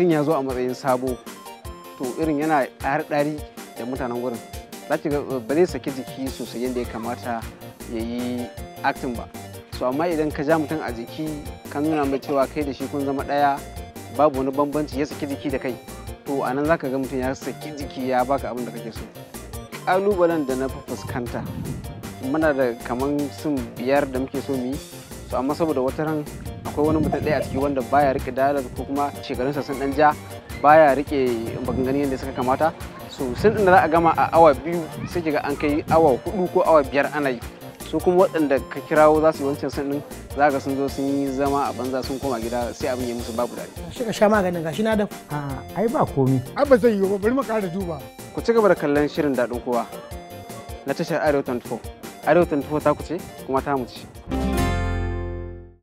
mutum ya zo a matsayin sabo to irin yana ɗari da mutanen wurin za ki ga eh, ba zai saki jiki sosai yadda ya kamata ya yi acting ba so amma idan ka ja mutum a jiki kan nuna mai cewa kai da shi kun zama ɗaya babu wani bambanci ya saki jiki da kai to a nan za ka ga mutum ya saki jiki ya baka abin da kake so ƙalubalen da na fuskanta muna da kaman sun biyar da muke so mu yi so amma saboda wata ran akwai wani mutum ɗaya a ciki wanda baya rike dalar ko kuma shekarunsa sun ɗan ja baya rike maganganun yadda suka kamata so sun ɗin da za a gama a awa biyu sai kiga an kai awa hudu ko awa biyar ana yi su kuma waɗanda ka kirawo za su yi wancan sun ɗin za ka sun zo sun yi zama a banza sun koma gida sai abin ya musu babu dadi. Shi ka sha maganin gashi na da. Ai ba komi. Ai ba zai yi ba bari mu ƙara duba. Ku ci gaba da kallon shirin daɗin kowa na tashar Arewa 24. Arewa 24 ta kuce kuma ta mu ci.